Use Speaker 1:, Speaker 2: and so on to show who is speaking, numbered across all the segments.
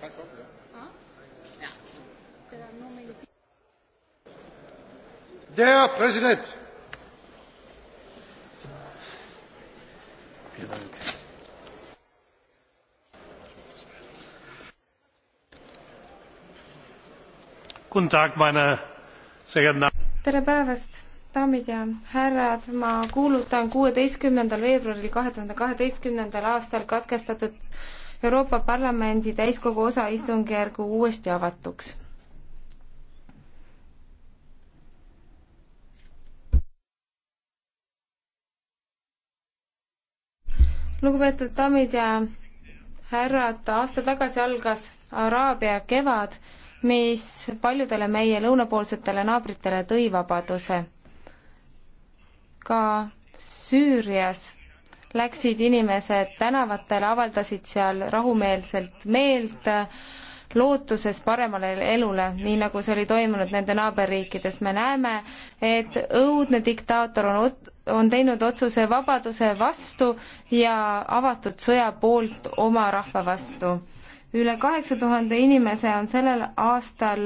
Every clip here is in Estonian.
Speaker 1: Quite popular. Huh? Yeah. There are no many people. Der Präsident! Vielen Dank. Guten Tag, meine sehr geehrten Damen und Herren! Tere päevast! daamid ja härrad, ma kuulutan kuueteistkümnendal veebruaril kahe tuhande kaheteistkümnendal aastal katkestatud Euroopa Parlamendi täiskogu osa istungjärgu uuesti avatuks. lugupeetud daamid ja härrad, aasta tagasi algas Araabia kevad, mis paljudele meie lõunapoolsetele naabritele tõi vabaduse ka Süürias läksid inimesed tänavatele, avaldasid seal rahumeelselt meelt, lootuses paremale elule, nii nagu see oli toimunud nende naaberriikides. me näeme, et õudne diktaator on, on teinud otsuse vabaduse vastu ja avatud sõja poolt oma rahva vastu. üle kaheksa tuhande inimese on sellel aastal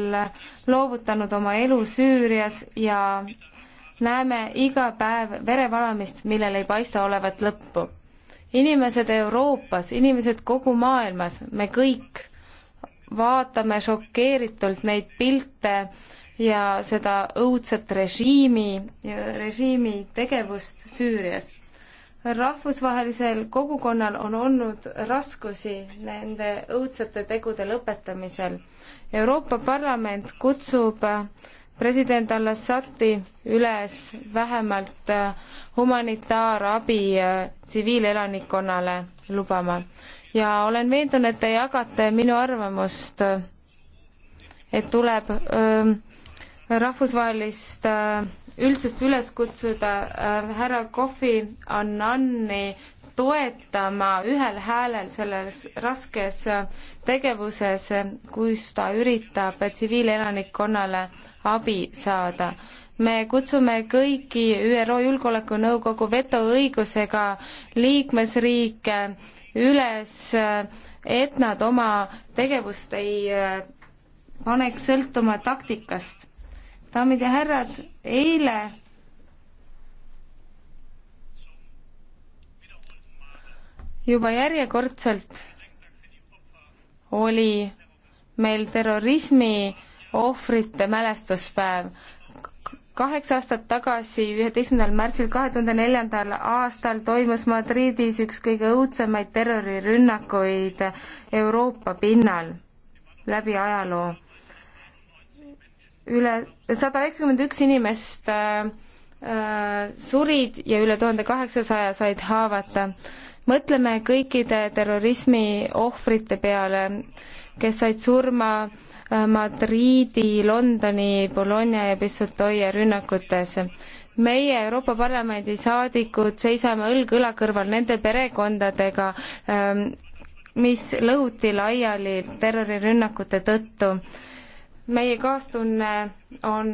Speaker 1: loovutanud oma elu Süürias ja näeme iga päev verevalamist, millel ei paista olevat lõppu. inimesed Euroopas, inimesed kogu maailmas, me kõik vaatame šokeeritult neid pilte ja seda õudset režiimi, režiimi tegevust Süürias. rahvusvahelisel kogukonnal on olnud raskusi nende õudsate tegude lõpetamisel. Euroopa Parlament kutsub president Al-Assadi üles vähemalt äh, humanitaarabi äh, tsiviilelanikkonnale lubama ja olen veendunud, et te jagate minu arvamust, äh, et tuleb öö, ähm, rahvusvahelist öö, üldsust üles kutsuda äh, härra Kofi Annani toetama ühel häälel selles raskes tegevuses, kus ta üritab tsiviilelanikkonnale abi saada. me kutsume kõiki ÜRO Julgeolekunõukogu vetoõigusega liikmesriike üles, et nad oma tegevust ei äh, paneks sõltuma taktikast. daamid ja härrad, eile juba järjekordselt oli meil terrorismi ohvrite mälestuspäev. kaheksa aastat tagasi, üheteistkümnendal märtsil kahe tuhande neljandal aastal toimus Madridis üks kõige õudsemaid terrorirünnakuid Euroopa pinnal läbi ajaloo. üle sada üheksakümmend üks inimest äh, äh surid ja üle tuhande kaheksasaja said haavata mõtleme kõikide terrorismi ohvrite peale, kes said surma äh, Madriidi, Londoni, Bologna ja Pistoia rünnakutes. meie Euroopa Parlamendi saadikud seisame õlg õla kõrval nende perekondadega, ähm, mis lõhuti laiali terrorirünnakute tõttu. meie kaastunne on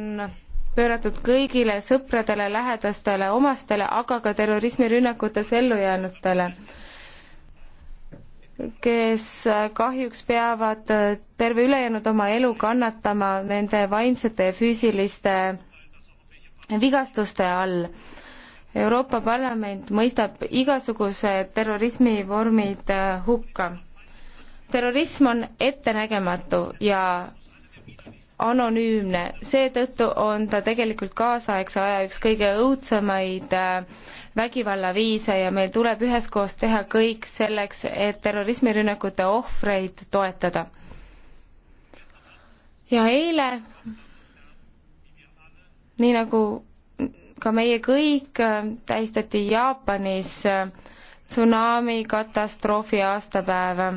Speaker 1: pööratud kõigile sõpradele, lähedastele, omastele, aga ka terrorismirünnakutes ellujäänutele, kes kahjuks peavad terve ülejäänud oma elu kannatama nende vaimsete ja füüsiliste vigastuste all. Euroopa Parlament mõistab igasuguse terrorismi vormid hukka terrorism on ettenägematu ja anonüümne, seetõttu on ta tegelikult kaasaegse aja üks kõige õudsemaid äh, vägivallaviise ja meil tuleb üheskoos teha kõik selleks, et terrorismirünnakute ohvreid toetada. ja eile, nii nagu ka meie kõik, äh, tähistati Jaapanis äh, tsunami katastroofi aastapäeva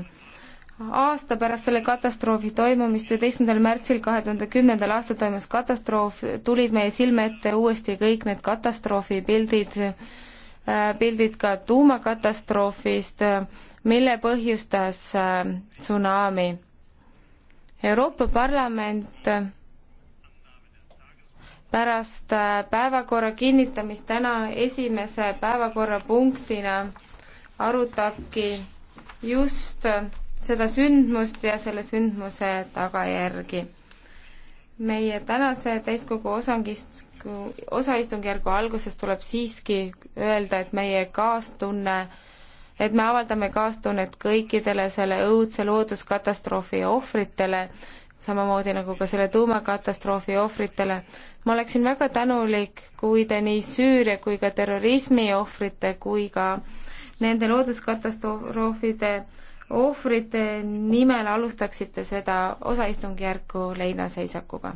Speaker 1: aasta pärast selle katastroofi toimumist, üheteistkümnendal märtsil kahe tuhande kümnendal aastal toimus katastroof, tulid meie silme ette uuesti kõik need katastroofipildid, äh, pildid ka tuumakatastroofist, äh, mille põhjustas äh, tsunami. Euroopa Parlament pärast päevakorra kinnitamist täna esimese päevakorrapunktina arutabki just seda sündmust ja selle sündmuse tagajärgi. meie tänase täiskogu osangist, osaistungjärgu alguses tuleb siiski öelda, et meie kaastunne, et me avaldame kaastunnet kõikidele selle õudse looduskatastroofi ohvritele, samamoodi nagu ka selle tuumakatastroofi ohvritele. ma oleksin väga tänulik, kui te nii Süüria kui ka terrorismi ohvrite kui ka nende looduskatastroofide ohvrite nimel alustaksite seda osaistungjärku leinaseisakuga